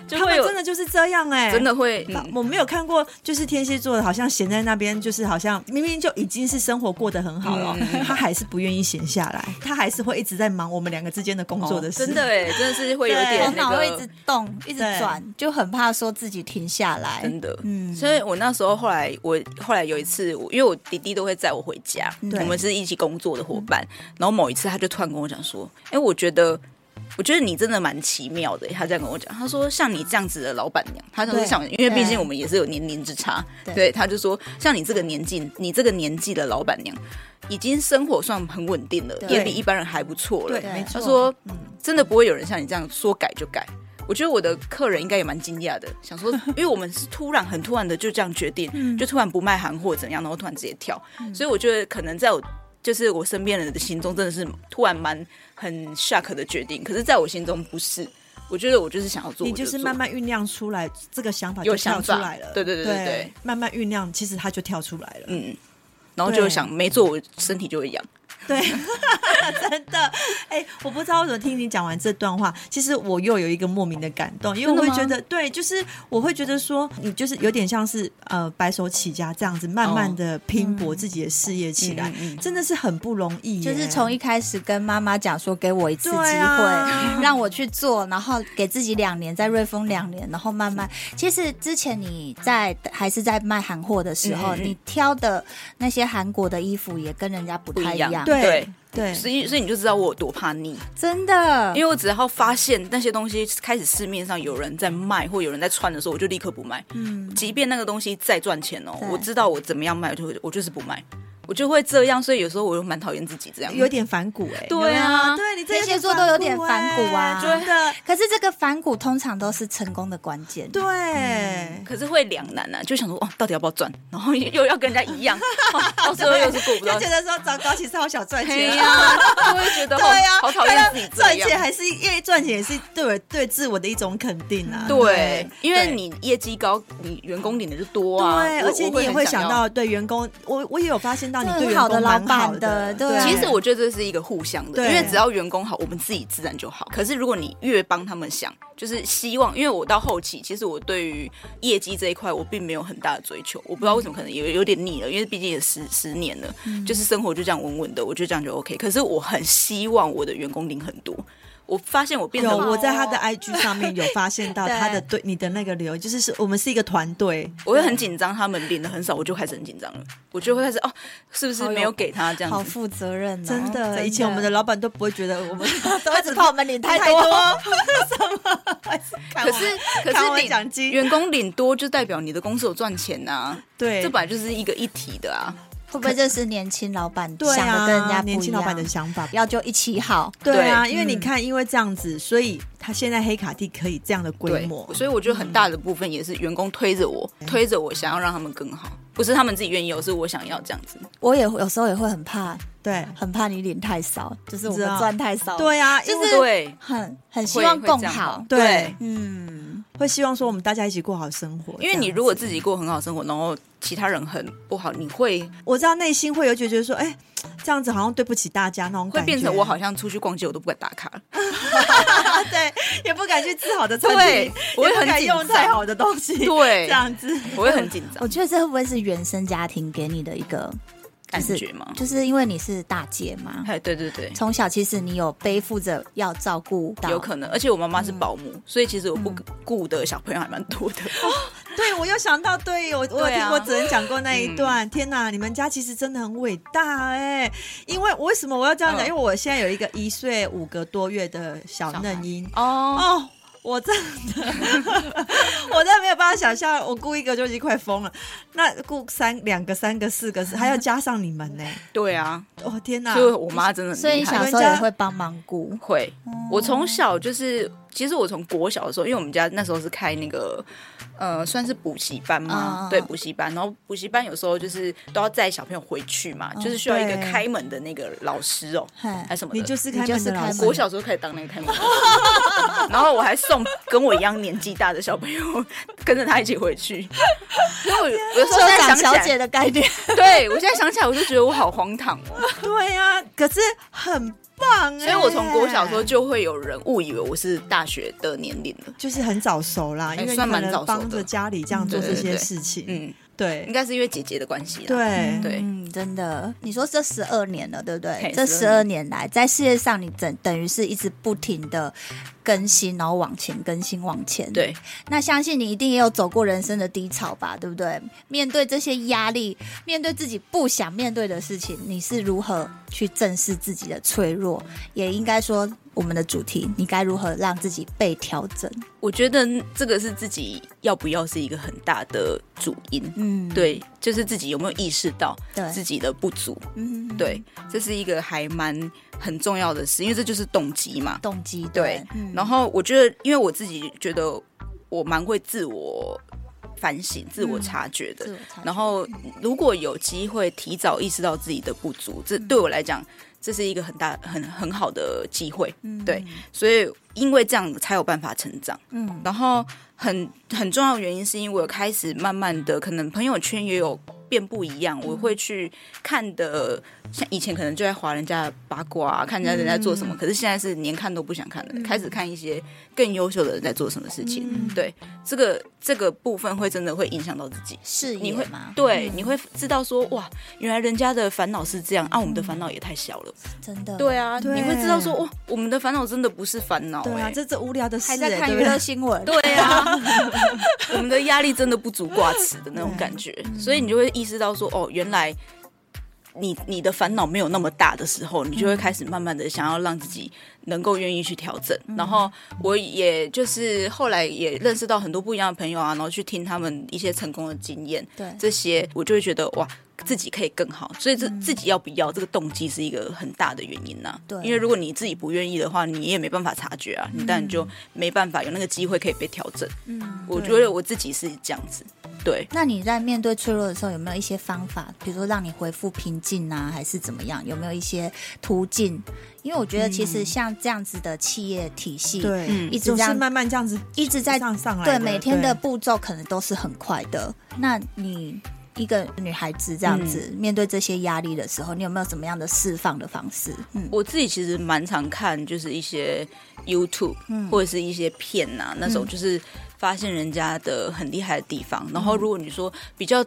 就會。對，真的就是這樣哎，真的會、嗯。我沒有看過，就是天蠍座的，好像閒在那邊，就是好像明明就已經是生活過得很好了、嗯，他還是不願意閒下來，他還是會一直在忙我們兩個之間的工作的事。哦、真的哎，真的是會有點，那個、頭腦會一直動，一直轉，就很怕說自己停下來。真的，嗯。所以我那時候後來，我後來有一次，因為我弟弟都會載我回家對，我們是一起工作的伙伴。嗯、然後某一次，他就突然跟我講說：“哎、欸，我覺得。”我覺得你真的蠻奇妙的，他這樣跟我講。他說像你這樣子的老闆娘，他就是想，因為畢竟我們也是有年齡之差對對，對。他就說像你這個年紀，你這個年紀的老闆娘，已經生活算很穩定了，也比一般人還不錯了。錯。他說、嗯，真的不會有人像你這樣說改就改。我覺得我的客人應該也蠻驚訝的，想說，因為我們是突然很突然的就這樣決定， 就突然不賣韓貨怎樣，然後突然直接跳。嗯、所以我覺得可能在我。就是我身邊人的心中真的是突然蠻很 shock 的決定，可是在我心中不是，我覺得我就是想要做，做，你就是慢慢醞釀出來這個想法就跳出來了，對對對對對，對，慢慢醞釀，其實它就跳出來了，嗯嗯，然後就想沒做，我身體就會癢。對， 真的，哎、欸，我不知道為什麼怎麼聽你講完這段話，其實我又有一個莫名的感動，因為我會覺得，對，就是我會覺得說，你就是有點像是呃白手起家這樣子，慢慢的拼搏自己的事業起來，哦嗯、真的是很不容易。就是從一開始跟媽媽講說，給我一次機會、啊，讓我去做，然後給自己兩年，在瑞豐兩年，然後慢慢。其實之前你在還是在賣韓貨的時候、嗯嗯，你挑的那些韓國的衣服也跟人家不太一樣。對對，所以所以你就知道我有多怕膩，真的。因為我只要發現那些東西開始市面上有人在賣或有人在穿的時候，我就立刻不賣。嗯，即便那個東西再賺錢哦，我知道我怎麼樣賣，我就會，我就是不賣。我就會這樣，所以有時候我又蠻討厭自己這樣，有點反骨哎、欸。對啊，對，啊對你這些做都有點反骨、欸、啊。對的。可是這個反骨通常都是成功的關鍵。對。嗯、可是會兩難呢、啊，就想說哦，到底要不要賺？然後又要跟人家一樣，到時候又是過不到。 啊、就覺得說，糟糕，其實好想賺錢呀我也覺得， 對呀、啊 啊，好討厭自己賺錢，還是因為賺錢也是對我對自我的一種肯定啊。嗯、對，對，因為你業績高，你員工領的就多啊。對，而且你也會想到，想對員工，我我也有發現。那個好的，老闆的，對，其實我覺得這是一個互相的，因為只要員工好，我們自己自然就好。可是如果你越幫他們想，就是希望，因為我到後期，其實我對於業績這一塊，我並沒有很大的追求，我不知道為什麼，嗯、可能有有點膩了，因為畢竟也十十年了、嗯，就是生活就這樣穩穩的，我覺得這樣就 OK。可是我很希望我的員工領很多。我發現我變得我在他的 IG 上面有發現到他的對， 對，你的那個理由，就是是我們是一個團隊，我會很緊張，他們領得很少，我就開始很緊張了，我就會開始哦，是不是沒有給他這樣，哦，好負責任，啊，真的，真的，以前我們的老闆都不會覺得我們， 他只怕我們領太多，什 麼？ 可是可是領，員工領多就代表你的公司有賺錢吶，啊，對，這本來就是一個一體的啊。會不會這是年輕老板想的跟人家不一樣、啊、年輕老板的想法，要就一起好。對啊，對，因為你看、嗯，因為這樣子，所以他現在黑卡蒂可以這樣的規模。對，所以我覺得很大的部分也是員工推着我，嗯、推着我想要讓他們更好。不是他們自己願意，是我想要這樣子。我也有時候也會很怕，對，很怕你臉太少，就是我們賺太少。對啊，就是很，對，很希望共好，對，對，嗯，會希望說我們大家一起過好生活。因為你如果自己過很好生活，然後其他人很不好，你會，我知道內心會有覺覺得說，哎、欸。這樣子好像對不起大家那種，會變成我好像出去逛街我都不敢打卡， 對，也不敢去吃好的餐廳，我也不敢用太好的東西，對，這樣子我會很緊張。我覺得這會不會是原生家庭給你的一個？但是感覺嗎，就是因為你是大姐嘛，哎，對對對，從小其實你有背負着要照顧到，有可能，而且我媽媽是保姆，嗯，所以其實我不顧的小朋友還蠻多的。嗯、 哦，對，我又想到，對我對、啊、我聽過我姊能講過那一段，嗯，天哪，你們家其實真的很偉大哎、欸，因為我為什麼我要這樣講哦？因為我現在有一個一歲五個多月的小嫩嬰哦。哦我真的 我真的沒有辦法想象，我雇一個就已經快瘋了。那雇三兩個、三個、四個，還要加上你們呢、欸？對啊，哦，天哪！所以我媽真的，所以你小時候也會幫忙雇、嗯。會，我從小就是。其實我從國小的時候，因為我們家那時候是開那個呃，算是補習班嘛、哦，對，補習班。然後補習班有時候就是都要載小朋友回去嘛，哦、就是需要一個開門的那個老師哦，還是什麼？你就是開門你就是開門的國小的時候可以當那個開門老師。 然後我還送跟我一樣年紀大的小朋友跟着他一起回去。 所以我有時候現在想起來，小姐的概念我對我現在想起來，我就覺得我好荒唐哦。 對呀、啊，可是很。所以，我從國小的時候就會有人誤以為我是大學的年齡了，就是很早熟啦，因為算蠻早熟，幫着家裡這樣做這些事情。欸，對對對，嗯。對，應該是因為姐姐的關係啦。對對，嗯，真的，你說這十二年了，對不對？對，這十二年來，在事業上你整，你等等於是一直不停的更新，然後往前更新，往前。對，那相信你一定也有走過人生的低潮吧，對不對？面對這些壓力，面對自己不想面對的事情，你是如何去正視自己的脆弱？也應該說。嗯我們的主題，你該如何讓自己被調整？我覺得這個是自己要不要是一個很大的主因。嗯，對，就是自己有沒有意識到自己的不足。嗯，對，這是一個還蠻很重要的事，因為這就是動機嘛。動機對，對、嗯。然後我覺得，因為我自己覺得我蠻會自我反省、自我察覺的。嗯、自我察覺。然後，如果有機會提早意識到自己的不足，這對我來講。嗯這是一個很大，很很好的機會，嗯，對，所以因為這樣才有辦法成長。嗯，然後很很重要的原因是因為我開始慢慢的，可能朋友圈也有。變不一樣，我會去看的。像以前可能就在划人家八卦，啊，看人家人家做什麼，嗯，可是現在是連看都不想看了，嗯，開始看一些更優秀的人在做什麼事情，嗯。對，這個這個部分會真的會影響到自己事業嗎？對，你會知道說哇，原來人家的煩惱是這樣啊，我們的煩惱也太小了，真的。對啊，你會知道說哇，我們的煩惱真的不是煩惱，欸，對啊，這這無聊的事，欸，還在看娛樂新聞，對啊， 我們的壓力真的不足掛齒的那種感覺，所以你就會。意識到說哦，原來你你的煩惱沒有那麼大的時候，你就會開始慢慢的想要讓自己能夠願意去調整。嗯。然後我也就是後來也認識到很多不一樣的朋友啊，然後去聽他們一些成功的經驗，對這些我就會覺得哇。自己可以更好，所以這自己要不要這個動機是一個很大的原因呢？對，因為如果你自己不願意的話，你也沒辦法察覺啊，你當然就沒辦法有那個機會可以被調整。嗯，我覺得我自己是這樣子。對，那你在面對脆弱的時候，有沒有一些方法，比如說讓你恢復平靜啊，還是怎麼樣？有沒有一些途徑？因為我覺得其實像這樣子的企業體系，對，一直是慢慢這樣子，一直在上來。對，每天的步驟可能都是很快的。那你。一個女孩子這樣子、嗯、面對這些壓力的時候，你有沒有什麼樣的釋放的方式？嗯，我自己其實蠻常看就是一些 YouTube、嗯、或者是一些片啊，那種就是發現人家的很厲害的地方。然後如果你說比較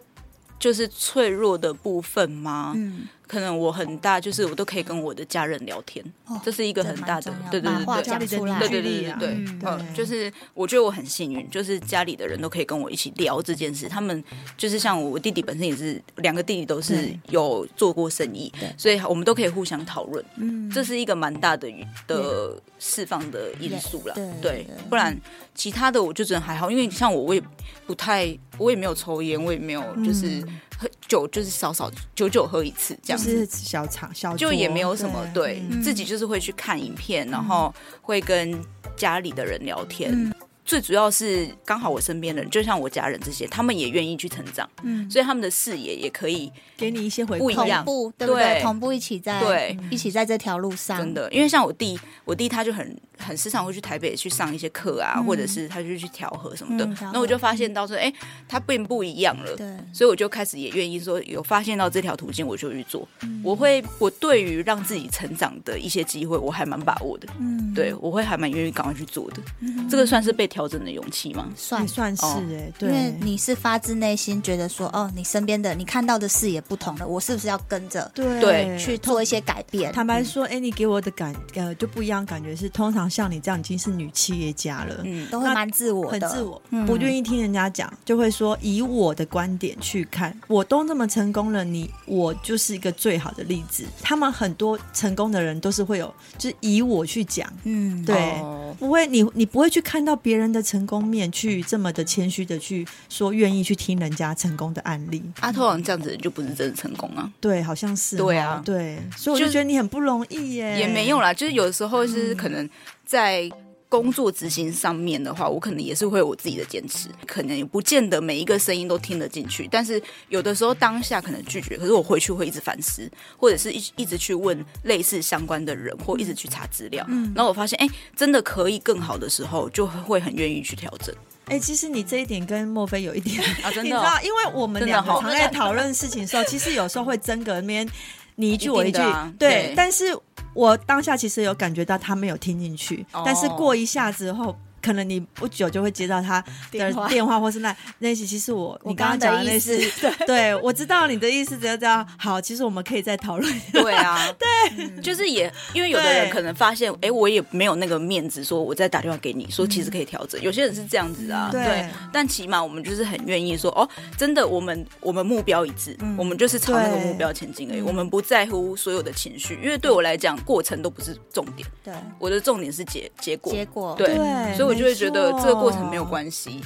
就是脆弱的部分嘛，嗯，嗯。可能我很大，就是我都可以跟我的家人聊天，哦、這是一個很大的，對對對，對對對，對，對，對、嗯對嗯、就是我覺得我很幸運，就是家裡的人都可以跟我一起聊這件事，他們就是像我弟弟本身也是，兩個弟弟都是有做過生意，嗯、所以我們都可以互相討論，嗯，這是一個蠻大的的釋放的因素了、嗯，對，不然其他的我就覺得還好，因為像我，我也不太，我也沒有抽煙，我也沒有就是。嗯酒就是少少，久久喝一次這樣子。就是小廠小，就也沒有什麼對，對自己就是會去看影片、嗯，然後會跟家裡的人聊天。嗯最主要是剛好我身邊的人，就像我家人這些，他們也願意去成長，嗯，所以他們的視野也可以給你一些回復。同步對、對、對，同步一起在對、嗯、一起在這條路上，真的，因為像我弟，我弟他就很很時常會去台北去上一些課啊、嗯，或者是他就去調和什麼的，那、嗯、我就發現到說，哎、欸，他並不一樣了，對，所以我就開始也願意說，有發現到這條途徑，我就去做。嗯、我會我對於讓自己成長的一些機會，我還蠻把握的，嗯，對我會還蠻願意趕快去做的，嗯，這個算是被。調整的勇氣嗎？算算是哎、欸哦，對，因為你是發自內心覺得說，哦，你身邊的你看到的視野不同了，我是不是要跟着對，對去做一些改變？嗯、坦白說，哎、欸，你給我的感呃就不一樣，感覺是通常像你這樣已經是女企業家了，嗯，都會蠻自我的，很自我，不願意聽人家講、嗯，就會說以我的觀點去看，我都這麼成功了，你我就是一個最好的例子。他們很多成功的人都是會有，就是以我去講，嗯，對，哦、不會，你你不會去看到別人人的成功面，去這麼的謙虛的去說，願意去聽人家成功的案例。阿托王這樣子就不是真的成功啊？對，好像是。對啊，對，所以我就覺得你很不容易耶。也沒有啦，就是有時候是可能在、嗯。在工作執行上面的話，我可能也是會有我自己的堅持，可能也不見得每一個聲音都聽得進去。但是有的時候當下可能拒絕，可是我回去會一直反思，或者是一一直去問類似相關的人，或一直去查資料。嗯，然後我發現，哎、欸，真的可以更好的時候，就會很願意去調整。哎、欸，其實你這一點跟莫非有一點 啊，真的、哦，因為我們、哦、兩個常在討論事情的時候， 其實有時候會爭個面。你一句，我一句，一定的啊。對，對，但是我當下其實有感覺到他沒有聽進去，哦、但是過一下之後。可能你不久就會接到他的電話，或是那那些。其實我你剛剛講的意思，對，我知道你的意思，只要這樣。好，其實我們可以再討論。對啊， 對、嗯，就是也因為有的人可能發現，哎，我也沒有那個面子說我再打電話給你，說其實可以調整。有些人是這樣子啊，對。但起碼我們就是很願意說，哦，真的，我們我們目標一致，我們就是朝那個目標前進而已。我們不在乎所有的情緒，因為對我來講，過程都不是重點。對，我的重點是結結果。結果對，所以。就會覺得這個過程沒有關係，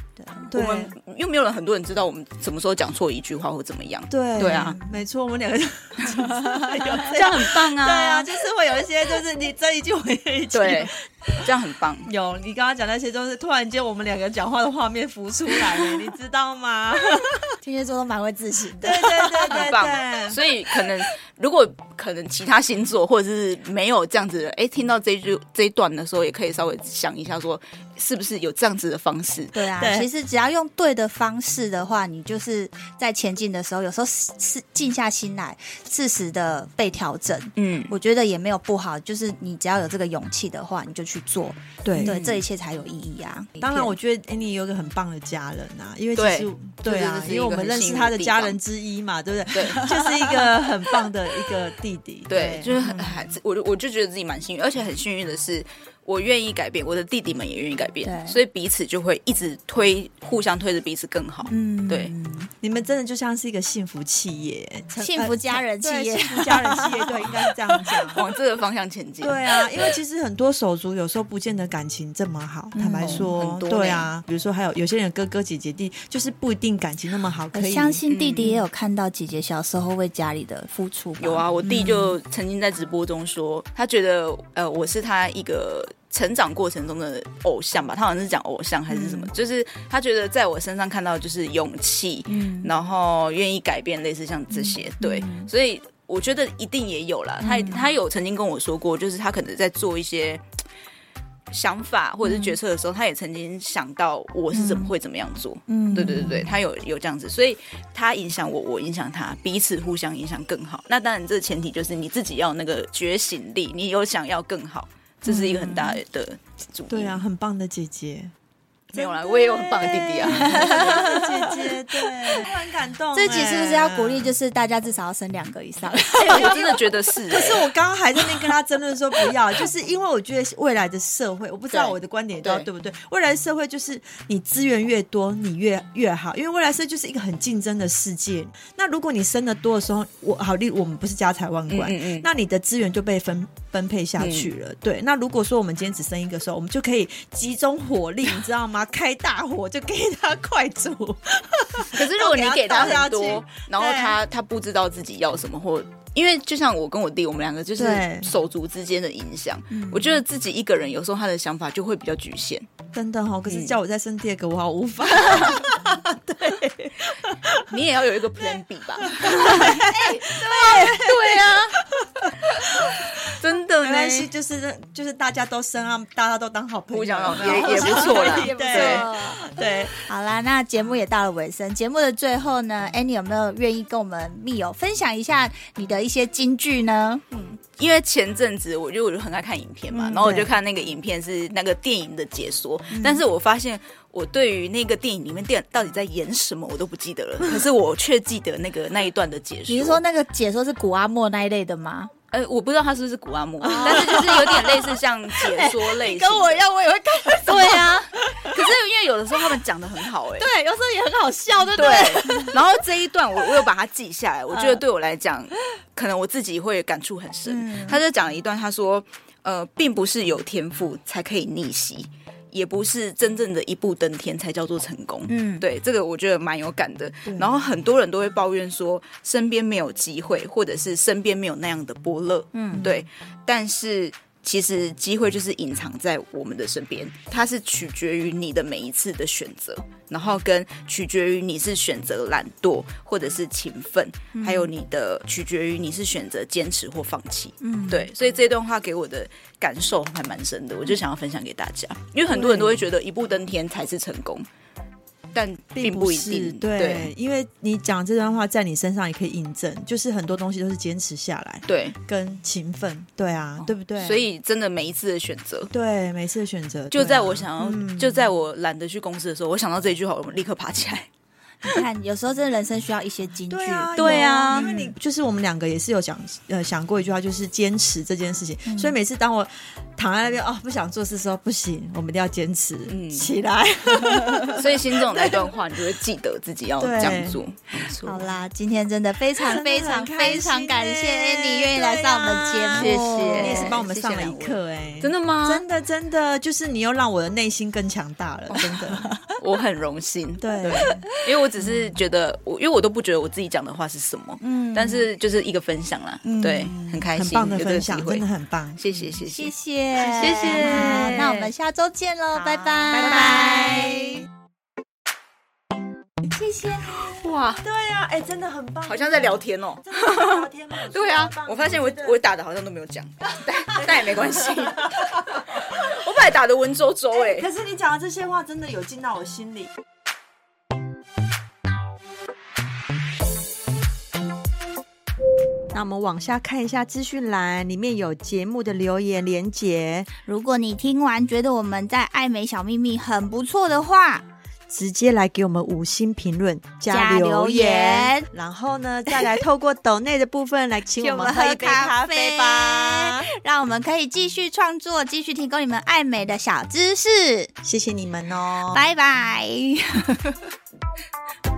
對，我們又沒有人，很多人知道我們什麼時候講錯一句話或怎麼樣，對對啊，沒錯，我們兩個人這樣很棒啊，對啊，就是會有一些，就是你這一句，我這一句，對，這樣很棒。有你剛剛講那些，都是突然間我們兩個講話的畫面浮出來了，你知道嗎？天蠍座都蠻會自省的，對對對對，很棒，所以可能如果可能其他星座或者是沒有這樣子的，哎，聽到這一句這一段的時候，也可以稍微想一下說。是不是有這樣子的方式？對啊對，其實只要用對的方式的話，你就是在前進的時候，有時候是是靜下心來，適時的被調整。嗯，我覺得也沒有不好，就是你只要有這個勇氣的話，你就去做。對對、嗯，這一切才有意義啊！當然，我覺得 Ani 有一個很棒的家人啊，因為是對，對、啊、對啊，因為我們認識他的家人之一嘛，對不對？對，就是一個很棒的一個弟弟。對，對就是很孩子、嗯，我我就覺得自己蠻幸運，而且很幸運的是。我願意改變，我的弟弟們也願意改變，所以彼此就會一直推，互相推着彼此更好。嗯，對，你們真的就像是一個幸福企業，呃、幸福家人企業，幸福家人企業，對，應該是這樣講， 往這個方向前進。對啊對，因為其實很多手足有時候不見得感情這麼好，嗯、坦白說、嗯很多，對啊，比如說還有有些人哥哥姐姐弟就是不一定感情那麼好。可以我相信弟弟也有看到、嗯、姐姐小時候為家裡的付出。有啊，我弟就曾經在直播中說，他覺得呃，我是他一個。成長過程中的偶像吧，他好像是講偶像還是什麼，嗯、就是他覺得在我身上看到就是勇氣，嗯，然後願意改變，類似像這些，對、嗯嗯，所以我覺得一定也有啦、嗯。他他有曾經跟我說過，就是他可能在做一些想法或者是決策的時候，嗯、他也曾經想到我是怎麼會怎麼樣做，嗯，對對對對，他有有這樣子，所以他影響我，我影響他，彼此互相影響更好。那當然，這個前提就是你自己要那個覺醒力，你有想要更好。這是一個很大的主題，對、嗯、對啊，很棒的姐姐。沒有啦，我也有很棒的弟弟啊。姐姐，對，很感動、欸。這集是不是要鼓勵，就是大家至少要生兩個以上、欸。我真的覺得是、欸。可是我剛剛還在那跟他爭論說不要，就是因為我覺得未來的社會，我不知道我的觀點到底對不對。對對，未來社會就是你資源越多，你越越好，因為未來社會就是一個很競爭的世界。那如果你生的多的時候，我好例如，我們不是家財萬貫、嗯嗯嗯，那你的資源就被分分配下去了、嗯。對，那如果說我們今天只生一個時候，我們就可以集中火力，你知道嗎？開大火，就給他快煮。可是如果你給他很多，然後他然後他，他不知道自己要什麼，或者。因為就像我跟我弟，我們兩個就是手足之間的影響，嗯。我覺得自己一個人有時候他的想法就會比較侷限。真的哈、哦，可是叫我再生第二個，我好無法。嗯、 對你也要有一個 plan B 吧？哎、 欸，對 對，對啊， 真的沒關係，就是就是大家都生，啊，大家都當好朋友， 也也不錯啦。 對對，好啦，那節目也到了尾聲，節目的最後呢，Ani、欸、有沒有願意跟我們密友分享一下你的一一些京劇呢？嗯，因為前陣子我就我就很愛看影片嘛、嗯，然後我就看那個影片，是那個電影的解說，但是我發現我對於那個電影裡面電到底在演什麼我都不記得了， 可是我卻記得那個那一段的解說。你是說那個解說是谷阿莫那一類的嗎？呃、欸，我不知道他是不是古阿莫，哦，但是就是有點類似像解說類似的，欸，跟我要我也會看。對啊，可是因為有的時候他們講的很好哎、欸，對，有時候也很好笑，對不對？對然後這一段我我有把它記下來，我覺得對我來講、嗯，可能我自己會感觸很深。嗯、他就講了一段，他說，呃，並不是有天賦才可以逆襲。也不是真正的一步登天才叫做成功，嗯，對，這個我覺得蠻有感的。嗯。然後很多人都會抱怨說，身邊沒有機會，或者是身邊沒有那樣的伯樂，嗯，對，但是。其實機會就是隱藏在我們的身邊，它是取決於你的每一次的選擇，然後跟取決於你是選擇懶惰或者是勤奮，還有你的取決於你是選擇堅持或放棄。嗯，對，所以這段話給我的感受還蠻深的，我就想要分享給大家，因為很多人都會覺得一步登天才是成功。但並不是並不一定對，對，因為你講這段話在你身上也可以印證，就是很多東西都是堅持下來，對，跟勤奮，對啊，哦、對不對？所以真的每一次的選擇，對，每一次的選擇，就在我想要、嗯，就在我懶得去公司的時候，我想到這句話，我們立刻爬起來。你看，有時候真的人生需要一些金句，對啊。對啊嗯、因為你就是我們兩個也是有想呃想過一句話，就是堅持這件事情。嗯、所以每次當我躺在那邊哦，不想做事的時候，不行，我們一定要堅持、嗯、起來。 所以心中那段話，你就會記得自己要這樣做。好啦，今天真的非常非常非常、欸、感謝你願意來上我們節目，啊、謝謝、哦、你也是幫我們上了一課哎、欸啊，真的嗎？真的真的，就是你又讓我的內心更強大了，真的。 我很榮幸，對，因為我。只是覺得我，因為我都不覺得我自己講的話是什麼，嗯，但是就是一個分享啦，嗯、對，很開心，很棒的分享會，真的很棒，謝謝，謝謝，謝謝，謝謝，那我們下周見嘍，拜拜，拜拜，謝謝，哇，對呀、啊，哎、欸，真的很棒的，好像在聊天哦、喔，聊天嗎？對啊，我發現我我打的好像都沒有講， 但但也沒關係， 我本來打的文縐縐哎，可是你講的這些話真的有進到我心裡。那我們往下看一下資訊欄，裡面有節目的留言連結。如果你聽完覺得我們在愛美小秘密很不錯的話，直接來給我們五星評論加、加留言，然後呢再來透過抖內的部分 來請我們喝一杯咖啡吧，讓我們可以繼續創作，繼續提供你們愛美的小知識。謝謝你們哦，拜拜。